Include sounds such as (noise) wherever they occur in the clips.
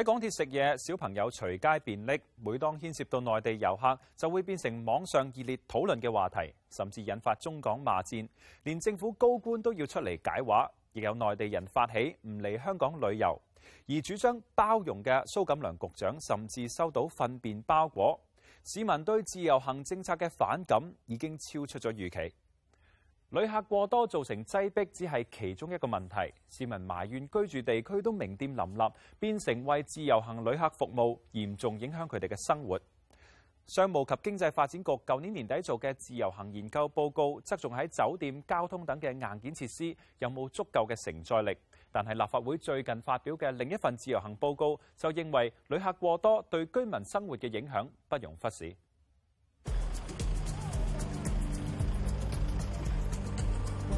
喺港鐵食嘢，小朋友隨街便溺，每當牽涉到內地遊客，就會變成網上熱烈討論嘅話題，甚至引發中港罵戰。連政府高官都要出嚟解話，亦有內地人發起唔嚟香港旅遊。而主張包容嘅蘇錦樑局長，甚至收到糞便包裹。市民對自由行政策嘅反感已經超出咗預期。旅客過多造成擠迫只係其中一個問題，市民埋怨居住地區都名店林立，變成為自由行旅客服務，嚴重影響佢哋嘅生活。商務及經濟發展局舊年年底做嘅自由行研究報告，側重喺酒店、交通等嘅硬件設施有冇足夠嘅承載力。但係立法會最近發表嘅另一份自由行報告就認為，旅客過多對居民生活嘅影響不容忽視。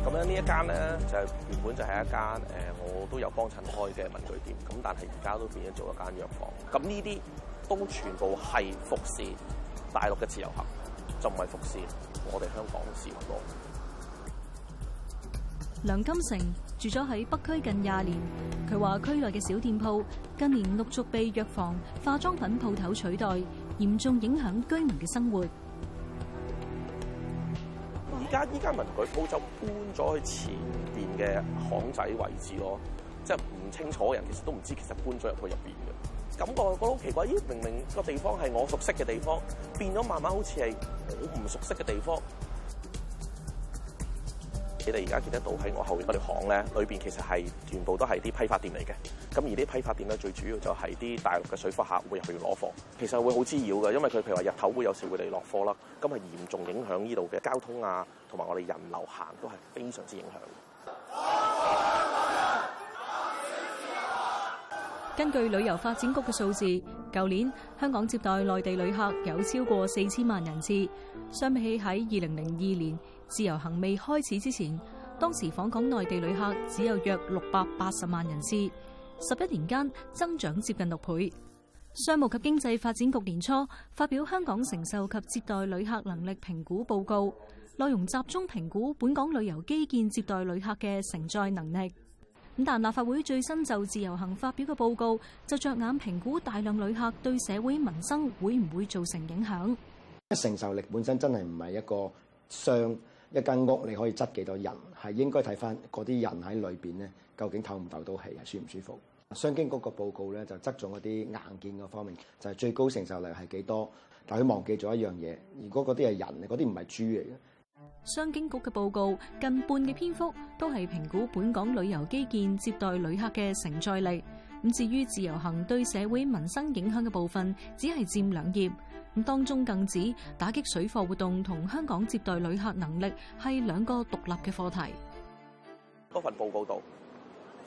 咁樣呢一間咧就係，原本就係一間我都有幫襯開嘅文具店，咁但係而家都變咗做一間藥房。咁呢啲都全部係服侍大陸嘅自由行，就唔係服侍我哋香港市民多。梁金成住咗喺北區近廿年，佢話區內嘅小店鋪近年陸續被藥房、化妝品鋪頭取代，嚴重影響居民嘅生活。而家依間文具鋪就搬咗去前面嘅巷仔位置咯，即係唔清楚嘅人其實都唔知其實搬咗入去入面嘅，感覺覺得好奇怪，咦，明明個地方係我熟悉嘅地方，變咗慢慢好似係我唔熟悉嘅地方。你哋而家見得到喺我後邊條巷咧，裏邊其實係全部都係啲批發店嚟嘅。咁而啲批發店咧，最主要就係、是、啲大陸嘅水貨客會入嚟攞貨，其實會好滋擾嘅。因為佢譬如話日頭會有時會嚟落貨啦，咁係嚴重影響呢度嘅交通啊，同埋我哋人流行都係非常之影響、啊啊啊啊。根據旅遊發展局嘅數字，舊年香港接待內地旅客有超過四千萬人次，相比起喺二零零二年。自由行未開始之前，當時訪港內地旅客只有約六百八十萬人次，十一年間增長接近六倍。商務及經濟發展局年初發表香港承受及接待旅客能力評估報告，內容集中評估本港旅遊基建接待旅客嘅承載能力。咁但立法會最新就自由行發表嘅報告，就着眼評估大量旅客對社會民生會唔會造成影響。承受力本身真係唔係一個相。一間屋你可以擠幾多人？係應該睇翻嗰啲人喺裏邊咧，究竟透唔透到氣，舒唔舒服？商經局個報告咧就側重嗰啲硬件個方面，就係最高承受力係幾多？但佢忘記咗一樣嘢，如果嗰啲係人，嗰啲唔係豬嚟嘅。商經局嘅報告近半嘅篇幅都係評估本港旅遊基建接待旅客嘅承載力。咁至於自由行對社會民生影響嘅部分，只係佔兩頁。當中更指打擊水貨活動同香港接待旅客能力係兩個獨立嘅課題。嗰份報告度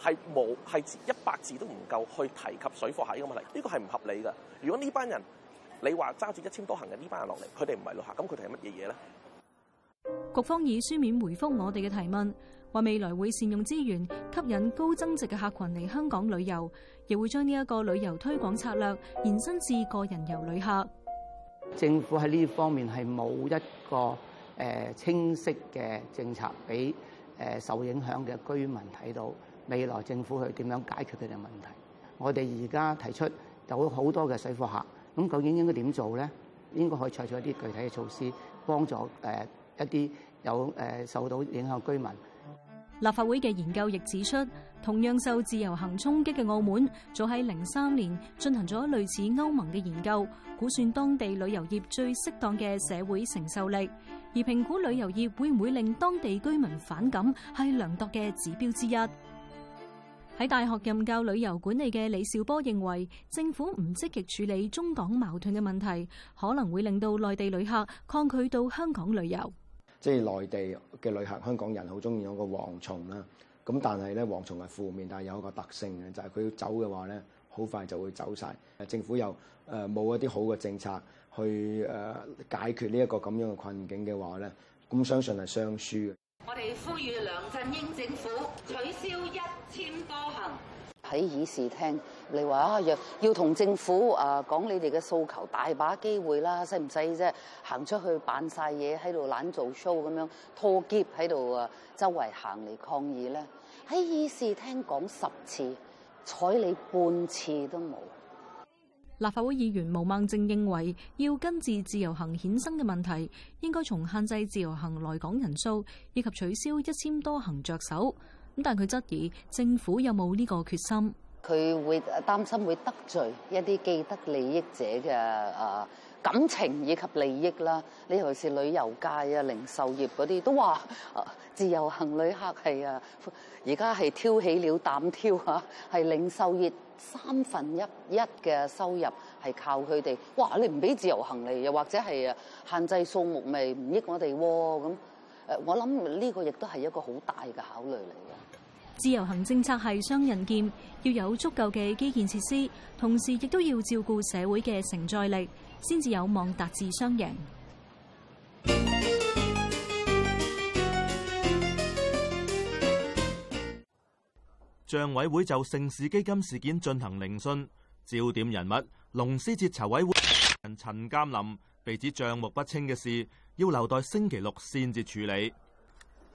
係冇係一百字都唔夠去提及水貨客呢個問題，呢個係唔合理㗎。如果呢班人你話揸住一千多行嘅呢班人落嚟，佢哋唔係旅客，咁佢哋係乜嘢嘢咧？局方以書面回復我哋嘅提問，話未來會善用資源吸引高增值嘅客群嚟香港旅遊，亦會將呢一個旅遊推廣策略延伸至個人遊旅客。政府喺呢方面係冇一個誒清晰嘅政策俾誒受影響嘅居民睇到未來政府去點樣解決佢哋問題。我哋而家提出有好多嘅水貨客，咁究竟應該點做咧？應該可以採取一啲具體嘅措施，幫助誒一啲有誒受到影響嘅居民。立法會嘅研究亦指出，同樣受自由行衝擊嘅澳門，早喺零三年進行咗類似歐盟嘅研究，估算當地旅遊業最適當嘅社會承受力，而評估旅遊業會唔會令當地居民反感係量度嘅指標之一。喺大學任教旅遊管理嘅李兆波認為，政府唔積極處理中港矛盾嘅問題，可能會令到內地旅客抗拒到香港旅遊。即係內地嘅旅客，香港人好中意有一個蝗蟲啦。咁但係咧，蝗蟲係負面，但係有一個特性嘅，就係、是、佢要走嘅話咧，好快就會走晒。政府又誒冇一啲好嘅政策去誒解決呢一個咁樣嘅困境嘅話咧，咁相信係雙輸嘅。我哋呼籲梁振英政府取消一簽多行。喺議事廳，你話啊，若要同政府啊講你哋嘅訴求，大把機會啦，使唔使啫？行出去扮晒嘢，喺度懶做 show 咁樣，拖喼喺度啊，周圍行嚟抗議咧。喺議事廳講十次，睬你半次都冇。立法會議員毛孟靜認為，要根治自由行衍生嘅問題，應該從限制自由行來港人數，以及取消一簽多行着手。咁但佢質疑政府有冇呢個決心？佢會擔心會得罪一啲既得利益者嘅啊感情以及利益啦。尤其是旅遊界啊、零售業嗰啲都話：自由行旅客係啊，而家係挑起了擔挑嚇，係零售業三分一一嘅收入係靠佢哋。哇！你唔俾自由行嚟，又或者係啊限制數目，咪唔益我哋喎？咁誒，我諗呢個亦都係一個好大嘅考慮嚟嘅。自由行政策係雙刃劍，要有足夠嘅基建設施，同時亦都要照顧社會嘅承載力，先至有望達至雙贏。帳委會就盛事基金事件進行聆訊，焦點人物龍獅節籌委會人陳鑑林，被指賬目不清嘅事，要留待星期六先至處理。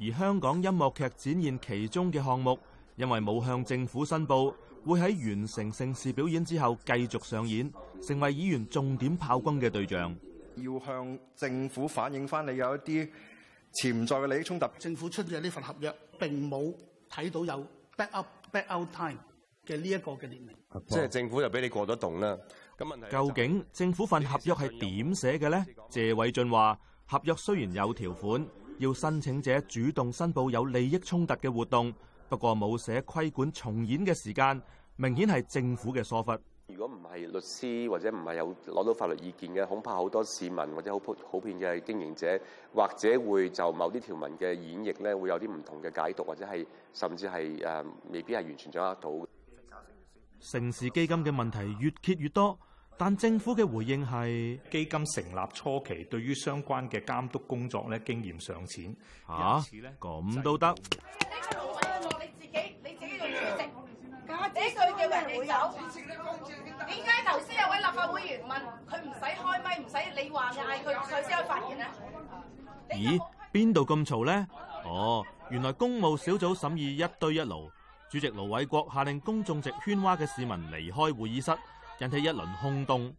而香港音樂劇展現其中嘅項目，因為冇向政府申報，會喺完成盛事表演之後繼續上演，成為議員重點炮轟嘅對象。要向政府反映翻你有一啲潛在嘅利益衝突。政府出嘅呢份合約並冇睇到有 back up、back out time 嘅呢一個嘅列明，即係政府就俾你過得動啦。咁問題究竟政府份合約係點寫嘅呢？謝偉俊話：合約雖然有條款。要申請者主動申報有利益衝突嘅活動，不過冇寫規管重演嘅時間，明顯係政府嘅疏忽。如果唔係律師或者唔係有攞到法律意見嘅，恐怕好多市民或者好普，普遍嘅經營者，或者會就某啲條文嘅演繹咧，會有啲唔同嘅解讀，或者係甚至係誒、呃、未必係完全掌握到。盛事基金嘅問題越揭越多。但政府嘅回應係基金成立初期，對於相關嘅監督工作咧經驗尚淺，因、啊、此咧咁都得。呢個盧偉，你自己你自己做主席，呢句叫人哋走。點解頭先有位立法會議員問佢唔使開咪、唔使你話嗌佢，佢先可以發言呢？咦？邊度咁嘈咧？哦，原來公務小組審議一堆一爐，主席盧偉國下令公眾席喧譁嘅市民離開會議室。引起一輪轟動。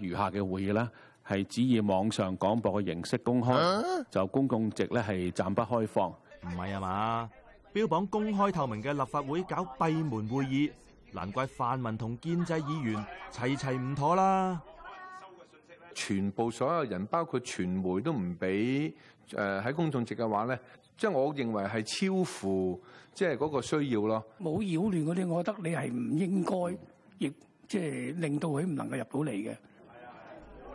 餘下嘅會議呢，係只以網上廣播嘅形式公開，啊，就公共席呢係暫不開放。唔係啊嘛，標榜公開透明嘅立法會搞閉門會議，難怪泛民同建制議員齊齊唔妥啦。全部所有人包括傳媒都唔俾誒喺公眾席嘅話呢，即係我認為係超乎即係嗰個需要咯。冇擾亂嗰啲，我覺得你係唔應該。亦即令到佢唔能夠入到嚟嘅。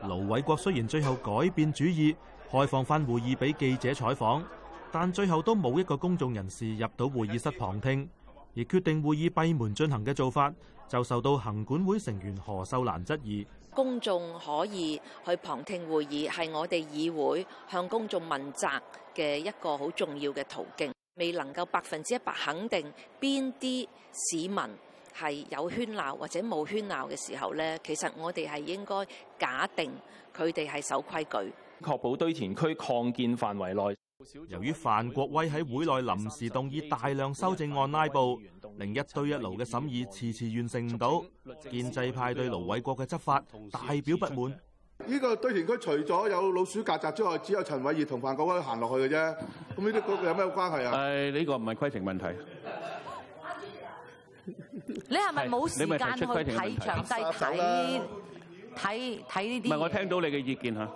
盧偉國雖然最後改變主意，開放翻會議俾記者採訪，但最後都冇一個公眾人士入到會議室旁聽，而決定會議閉門進行嘅做法就受到行管會成員何秀蘭質疑。公眾可以去旁聽會議，係我哋議會向公眾問責嘅一個好重要嘅途徑，未能夠百分之一百肯定邊啲市民係有喧鬧或者冇喧鬧嘅時候咧，其實我哋係應該假定佢哋係守規矩，確保堆填區擴建範圍內。由於范國威喺會內臨時動議大量修正案拉布，令一堆一爐嘅審議遲遲完成唔到，建制派對盧偉國嘅執法大表不滿。呢、這個堆填區除咗有老鼠曱甴之外，只有陳偉業同范國威行落去嘅啫。咁呢啲有咩關係 (laughs) 啊？係呢個唔係規程問題。你係咪冇時間去睇詳細睇睇睇呢啲？唔係，我聽到你嘅意見嚇。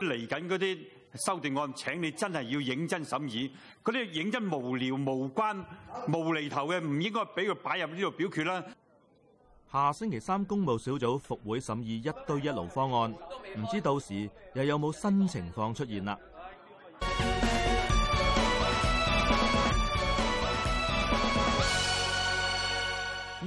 嚟緊嗰啲修訂案，請你真係要認真審議。嗰啲認真無聊、無關、無厘頭嘅，唔應該俾佢擺入呢度表決啦。下星期三公務小組復會審議一堆一爐方案，唔知到時又有冇新情況出現啦？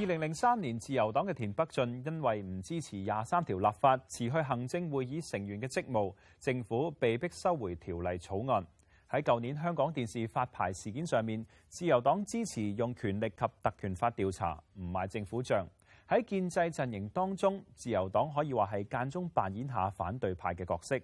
二零零三年，自由黨嘅田北俊因為唔支持廿三條立法，辭去行政會議成員嘅職務，政府被迫收回條例草案。喺舊年香港電視發牌事件上面，自由黨支持用權力及特權法調查，唔買政府賬。喺建制陣營當中，自由黨可以話係間中扮演下反對派嘅角色。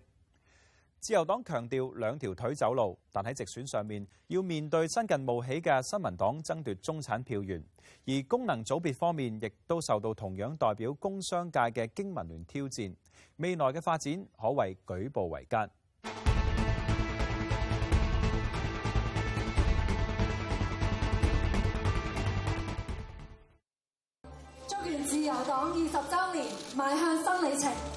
自由黨強調兩條腿走路，但喺直選上面要面對新近冒起嘅新民黨爭奪中產票源，而功能組別方面亦都受到同樣代表工商界嘅經民聯挑戰。未來嘅發展可謂舉步維艱。祝願自由黨二十週年邁向新里程。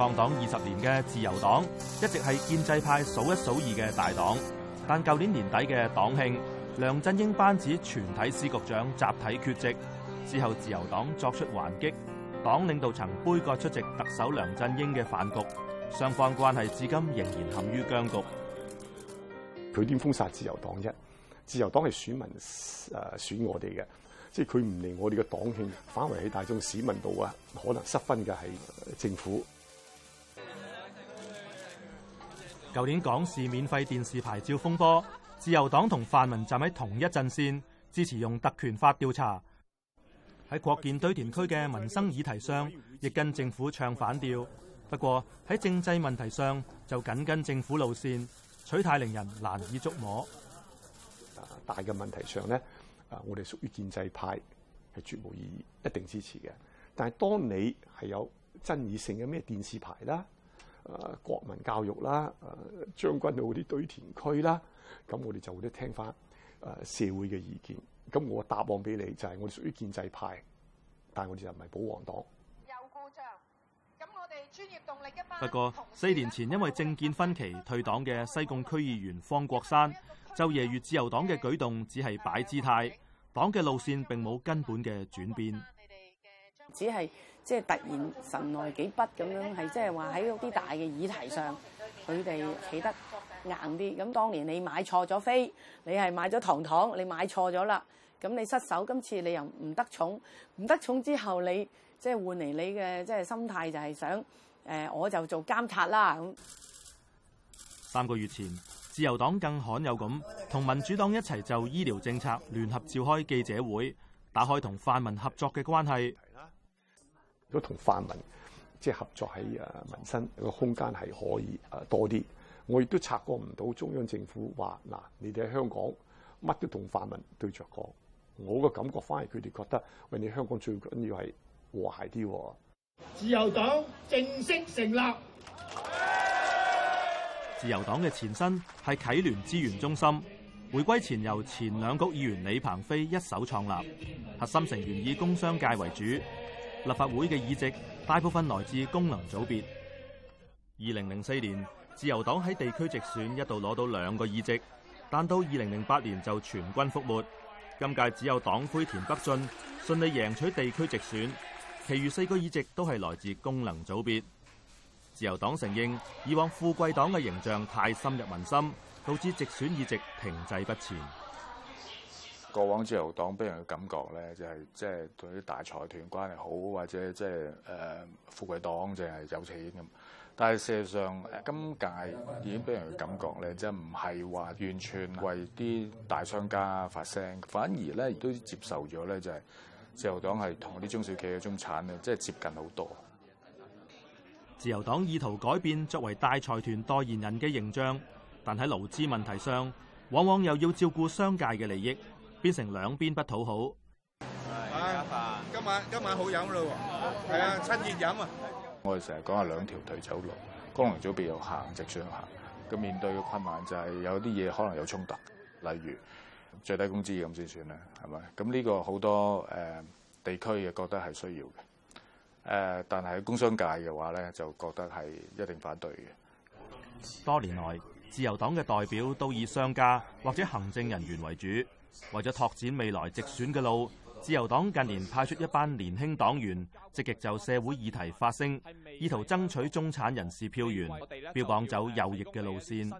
放黨二十年嘅自由黨一直係建制派數一數二嘅大黨，但舊年年底嘅黨慶，梁振英班子全體司局長集體缺席之後，自由黨作出還擊，黨領導層杯葛出席特首梁振英嘅飯局，雙方關係至今仍然陷於僵局。佢點封殺自由黨啫？自由黨係選民誒選我哋嘅，即係佢唔嚟我哋嘅黨慶，反為喺大眾市民度啊，可能失分嘅係政府。舊年港視免費電視牌照風波，自由黨同泛民站喺同一陣線，支持用特權法調查。喺擴建堆填區嘅民生議題上，亦跟政府唱反調。不過喺政制問題上，就緊跟政府路線，取態令人難以捉摸。大嘅問題上呢啊，我哋屬於建制派，係絕無異議，一定支持嘅。但係當你係有爭議性嘅咩電視牌啦。誒、啊、國民教育啦，誒將軍澳啲堆填區啦，咁、啊、我哋就會都聽翻誒、啊、社會嘅意見。咁我答案俾你就係，我哋屬於建制派，但係我哋又唔係保皇黨。有故障，咁我哋專業動力一班。不過四年前因為政見分歧退黨嘅西貢區議員方國珊就揶揄自由黨嘅舉動只係擺姿態，黨嘅路線並冇根本嘅轉變。只係。即係突然神來幾筆咁樣，係即係話喺嗰啲大嘅議題上，佢哋企得硬啲。咁當年你買錯咗飛，你係買咗糖糖，你買錯咗啦。咁你失手，今次你又唔得寵，唔得寵之後，你即係換嚟你嘅即係心態就係想，誒我就做監察啦咁。三個月前，自由黨更罕有咁同民主黨一齊就醫療政策聯合召開記者會，打開同泛民合作嘅關係。都同泛民即係合作喺誒民生個空間，係可以誒多啲。我亦都察覺唔到中央政府話，嗱，你哋香港乜都同泛民對着講，我嘅感覺反而佢哋覺得喂，你香港最緊要係和諧啲。自由黨正式成立。自由黨嘅前身係啟聯資源中心，回歸前由前兩局議員李鵬飛一手創立，核心成員以工商界為主。立法會嘅議席大部分來自功能組別。二零零四年，自由黨喺地區直選一度攞到兩個議席，但到二零零八年就全軍覆沒。今屆只有黨魁田北俊順利贏取地區直選，其餘四個議席都係來自功能組別。自由黨承認以往富貴黨嘅形象太深入民心，導致直選議席停滯不前。過往自由黨俾人嘅感覺咧，就係即係對啲大財團關係好，或者即係誒富貴黨，就係有錢咁。但係事實上，今屆已經俾人嘅感覺咧，即係唔係話完全為啲大商家發聲，反而咧亦都接受咗咧，就係自由黨係同啲中小企嘅中產咧，即係接近好多。自由黨意圖改變作為大財團代言人嘅形象，但喺勞資問題上，往往又要照顧商界嘅利益。變成兩邊不討好。啊！今晚今晚好飲咯喎，啊，趁熱飲啊！我哋成日講係兩條腿走路，功能組別又行直上行。咁面對嘅困難就係有啲嘢可能有衝突，例如最低工資咁先算啦，係咪？咁呢個好多誒地區嘅覺得係需要嘅誒，但係工商界嘅話咧就覺得係一定反對嘅。多年來，自由黨嘅代表都以商家或者行政人員為主。為咗拓展未來直選嘅路，自由黨近年派出一班年輕黨員，積極就社會議題發聲，意圖爭取中產人士票源，標榜走右翼嘅路線。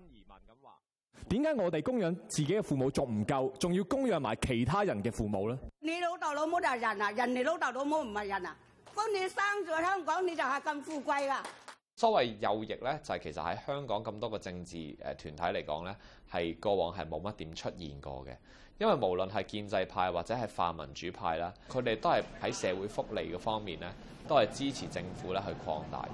點解我哋供養自己嘅父母仲唔夠，仲要供養埋其他人嘅父母咧？你老豆老母就係人啊，人哋老豆老母唔係人啊？當你生在香港，你就係咁富貴噶。所謂右翼呢，就係其實喺香港咁多個政治誒團體嚟講呢，係過往係冇乜點出現過嘅。因為無論係建制派或者係泛民主派啦，佢哋都係喺社會福利嘅方面呢，都係支持政府咧去擴大。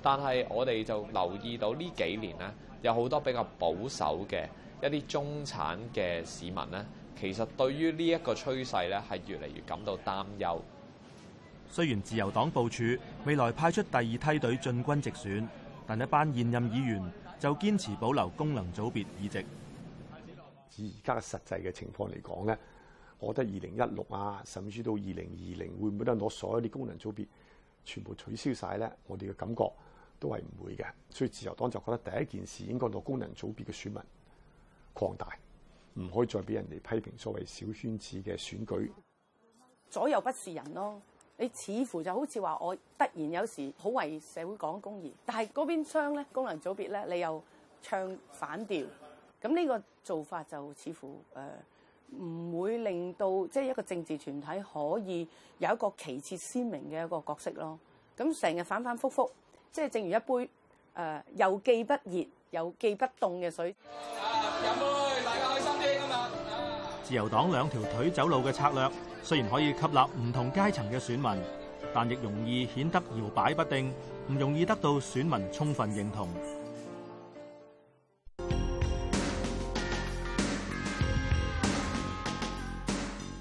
但係我哋就留意到呢幾年呢，有好多比較保守嘅一啲中產嘅市民呢，其實對於呢一個趨勢呢，係越嚟越感到擔憂。雖然自由黨部署未來派出第二梯隊進軍直選，但一班現任議員就堅持保留功能組別議席。以而家嘅實際嘅情況嚟講咧，我覺得二零一六啊，甚至到二零二零，會唔會得攞所有啲功能組別全部取消晒咧？我哋嘅感覺都係唔會嘅。所以自由黨就覺得第一件事應該攞功能組別嘅選民擴大，唔可以再俾人哋批評所謂小圈子嘅選舉，左右不是人咯。你似乎就好似話我突然有時好為社會講公義，但係嗰邊廂咧功能組別咧，你又唱反調，咁呢個做法就似乎誒唔、呃、會令到即係一個政治團體可以有一個旗幟鮮明嘅一個角色咯。咁成日反反覆覆，即係正如一杯誒、呃、又既不熱又既不凍嘅水。啊！飲杯大家開心啲啊嘛！自由黨兩條腿走路嘅策略。雖然可以吸納唔同階層嘅選民，但亦容易顯得搖擺不定，唔容易得到選民充分認同。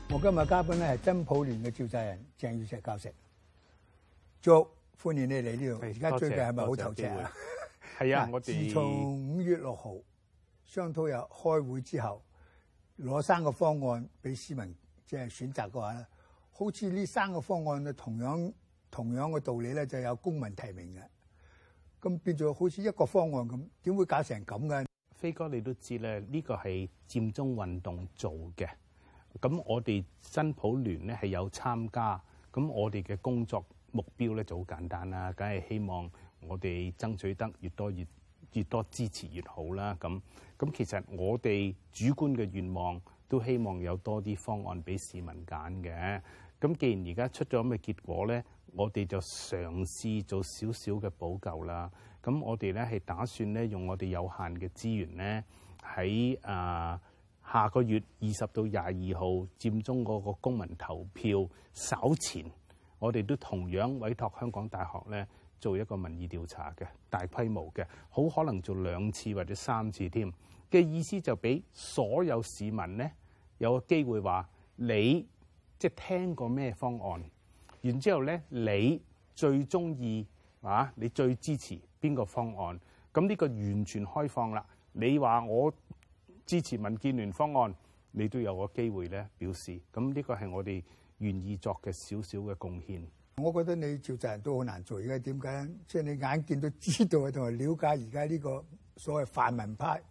我今日的嘉賓咧係真普聯嘅召集人鄭宇碩教授，祝歡迎你嚟呢度。而家最近係咪好頭痕你 (laughs) 啊？係啊，自從五月六號商討日，開會之後，攞三個方案俾市民。即、選擇嘅話咧，好似呢三個方案咧，同樣同樣嘅道理咧，就有公民提名嘅，咁變咗好似一個方案咁，點會搞成咁嘅？飛哥你都知咧，呢、個係佔中運動做嘅，咁我哋真普聯咧係有參加，咁我哋嘅工作目標咧就好簡單啦，梗係希望我哋爭取得越多越越多支持越好啦，咁咁其實我哋主觀嘅願望。都希望有多啲方案俾市民揀嘅。咁既然而家出咗咁嘅結果咧，我哋就嘗試做少少嘅補救啦。咁我哋咧係打算咧用我哋有限嘅資源咧喺啊下個月二十到廿二號佔中嗰個公民投票稍前，我哋都同樣委託香港大學咧做一個民意調查嘅大規模嘅，好可能做兩次或者三次添。嘅意思就俾所有市民咧。有個機會話你即係聽過咩方案，然之後咧你最中意啊，你最支持邊個方案？咁呢個完全開放啦！你話我支持民建聯方案，你都有個機會咧表示。咁呢個係我哋願意作嘅少少嘅貢獻。我覺得你召集人都好難做，而家點解？即係你眼見到知道同埋了解而家呢個所謂泛民派。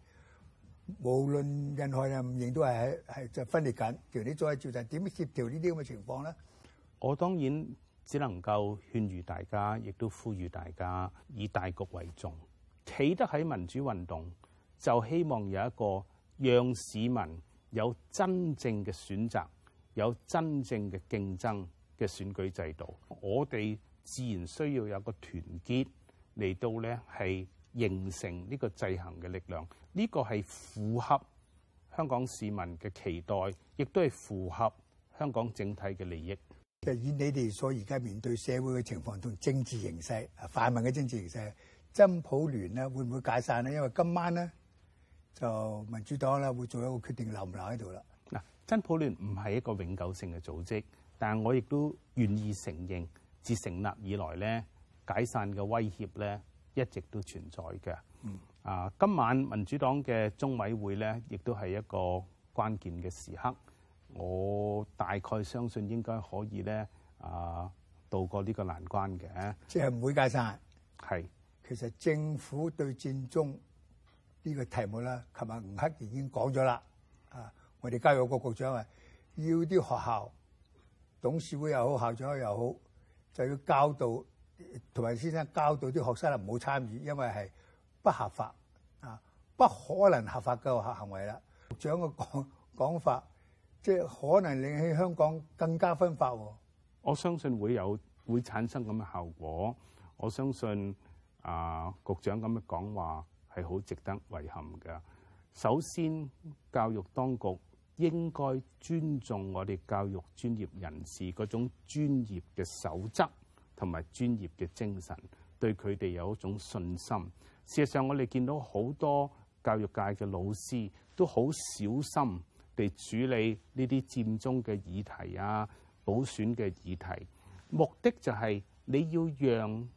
無論任何人唔認都係係就分裂緊，叫你再召集點協調呢啲咁嘅情況咧？我當然只能夠勸喻大家，亦都呼籲大家以大局為重，企得喺民主運動，就希望有一個讓市民有真正嘅選擇，有真正嘅競爭嘅選舉制度。我哋自然需要有個團結嚟到咧，係，形成呢個制衡嘅力量，呢個係符合香港市民嘅期待，亦都係符合香港整體嘅利益。就以你哋所而家面對社會嘅情況同政治形勢啊，泛民嘅政治形勢，真普聯咧會唔會解散呢？因為今晚咧就民主黨啦會做一個決定留唔留喺度啦。嗱，真普聯唔係一個永久性嘅組織，但係我亦都願意承認，自成立以來咧解散嘅威脅咧，一直都存在嘅，啊，今晚民主黨嘅中委會咧，亦都係一個關鍵嘅時刻。我大概相信應該可以咧，啊，渡過呢個難關嘅。即係唔會解散。係，其實政府對佔中呢個題目咧，琴日吳克儉已經講咗啦。啊，我哋教育局局長啊，要啲學校董事會又好，校長又好，就要教導。同埋先生教導啲學生啊，唔好參與，因為係不合法啊，不可能合法嘅行行為啦。局長嘅講講法，即係可能令喺香港更加分化喎。我相信會有會產生咁嘅效果。我相信啊，局長咁嘅講話係好值得遺憾嘅。首先，教育當局應該尊重我哋教育專業人士嗰種專業嘅守則。同埋專業嘅精神，對佢哋有一種信心。事實上，我哋見到好多教育界嘅老師都好小心地處理呢啲佔中嘅議題啊、補選嘅議題。目的就係你要讓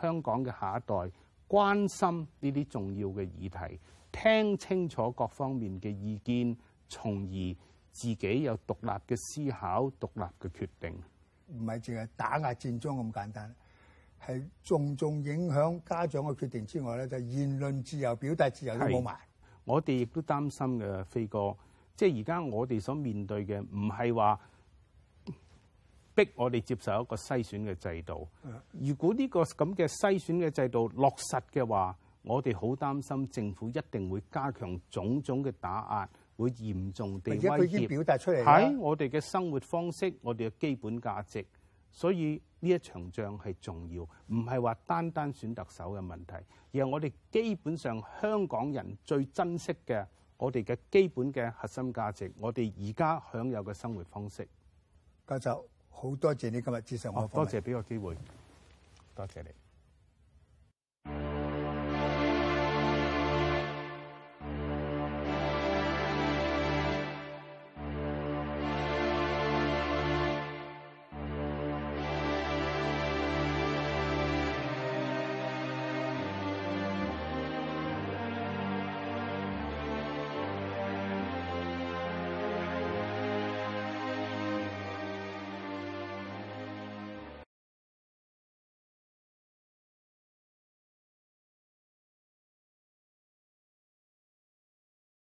香港嘅下一代關心呢啲重要嘅議題，聽清楚各方面嘅意見，從而自己有獨立嘅思考、獨立嘅決定。唔係淨係打壓戰爭咁簡單，係重重影響家長嘅決定之外咧，就係、言論自由、表達自由都冇埋。我哋亦都擔心嘅，飛哥，即係而家我哋所面對嘅唔係話逼我哋接受一個篩選嘅制度。如果呢個咁嘅篩選嘅制度落實嘅話，我哋好擔心政府一定會加強種種嘅打壓。會嚴重地威脅表達出嚟，喺我哋嘅生活方式，我哋嘅基本價值。所以呢一場仗係重要，唔係話單單選特首嘅問題，而係我哋基本上香港人最珍惜嘅，我哋嘅基本嘅核心價值，我哋而家享有嘅生活方式。教授，好多謝你今日接受我的、哦，多謝俾個機會，多謝你。